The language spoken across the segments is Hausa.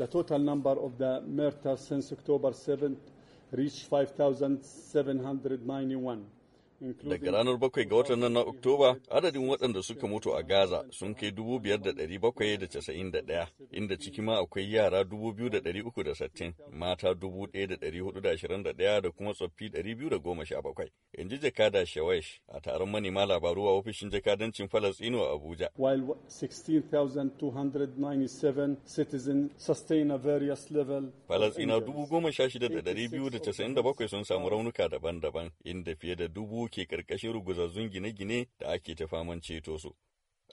the total number of the murders since October 7th reached 5,791. Daga ranar bakwai ga watan nan na Oktoba, adadin waɗanda suka mutu a Gaza sun kai dubu biyar da bakwai da casa'in da inda ciki ma akwai yara dubu biyu da uku da sittin, mata dubu da hudu da ashirin da da kuma tsoffi 217, biyu da goma sha bakwai. In ji jakada Shawesh a taron manema labaru a ofishin jakadancin Falasino a Abuja. While 16,297 citizens sustain a various level. Falasino dubu goma sha shida da biyu da casa'in da bakwai sun samu raunuka daban-daban, inda fiye da dubu ke ƙarƙashin ruguzazzun gine-gine da ake ta faman ceto su.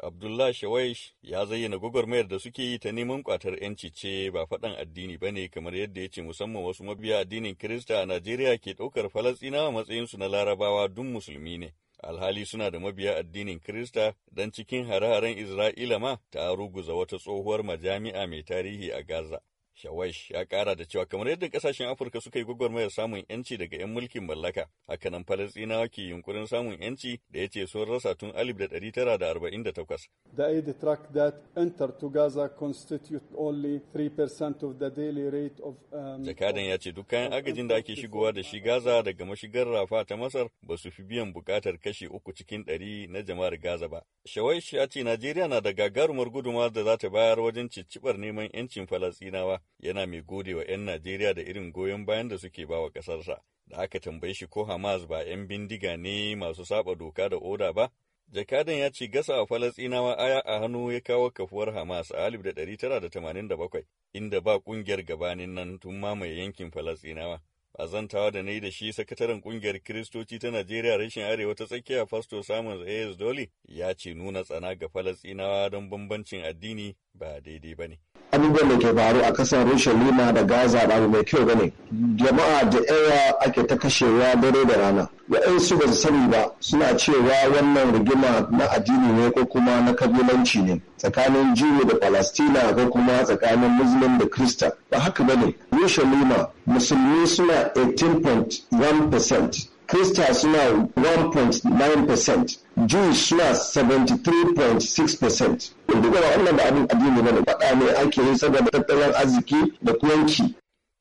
Abdullah Shawaish ya zayyana gwagwarmayar da suke yi ta neman kwatar ‘yanci ce ba faɗan addini ba ne kamar yadda ya ce musamman wasu mabiya addinin Kirista a Najeriya ke ɗaukar Falasɗinawa matsayinsu na Larabawa dun musulmi ne. Alhali suna da mabiya addinin Kirista don cikin hare-haren Isra'ila ma ta ruguza wata tsohuwar majami'a mai tarihi a Gaza. Shawash ya kara da cewa kamar yadda kasashen Afirka suka yi gwagwarmayar samun yanci daga 'yan mulkin mallaka, hakanan Falasɗinawa ke yunkurin samun yanci da ya ce sun rasa tun 1948. The aid track that enter to Gaza constitute only 3% of the daily rate of um, Jakadan ya ce duk kayan agajin da ake shigowa da shi Gaza daga mashigar Rafa ta Masar ba su fi biyan bukatar kashi uku cikin ɗari na jama'ar Gaza ba. Shawash ya ce Najeriya na da gagarumar guduma da za ta bayar wajen cicibar neman 'yancin Falasɗinawa. yana mai gode wa 'yan Najeriya da irin goyon bayan da suke ba wa ƙasarsa. Da aka tambaye shi ko Hamas ba 'yan bindiga ne masu saba doka da oda ba? Jakadan ya ce gasa a Falasɗinawa aya a hannu ya kawo kafuwar Hamas a 1987 inda ba ƙungiyar gabanin nan tun mamaye yankin Falasɗinawa. azantawa da na yi da shi sakataren kungiyar kiristoci ta najeriya rashin arewa ta tsakiya fasto samun as dole ya ce nuna tsana ga falasinawa don bambancin addini ba daidai ba ne abubuwan da ke faru a kasar Rushalima da Gaza ba mai kyau bane. Jama'a da yawa ake ta kashewa dare da rana. Waɗansu ba su sani ba suna cewa wannan rigima na addini ne ko kuma na kabilanci ne tsakanin jini da Falastina ko kuma tsakanin Muslim da Krista. Ba haka bane. Rushalima musulmi suna 18.1% Krista suna 1.9%, Jews suna 73.6%. Duk da wannan da abin addini ne faɗa ne ake yi saboda tattalin arziki da kuyanci.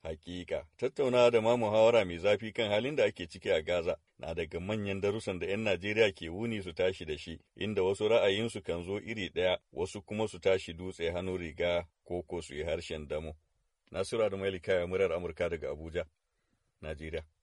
Hakika, tattaunawa da ma muhawara mai zafi kan halin da ake ciki a Gaza na daga manyan darussan da 'yan Najeriya ke wuni su tashi da shi, inda wasu ra'ayinsu kan zo iri ɗaya, wasu kuma su tashi dutse hannu riga ko ko su yi harshen damo. Nasiru Adamu Elika ya murar Amurka daga Abuja, Najeriya.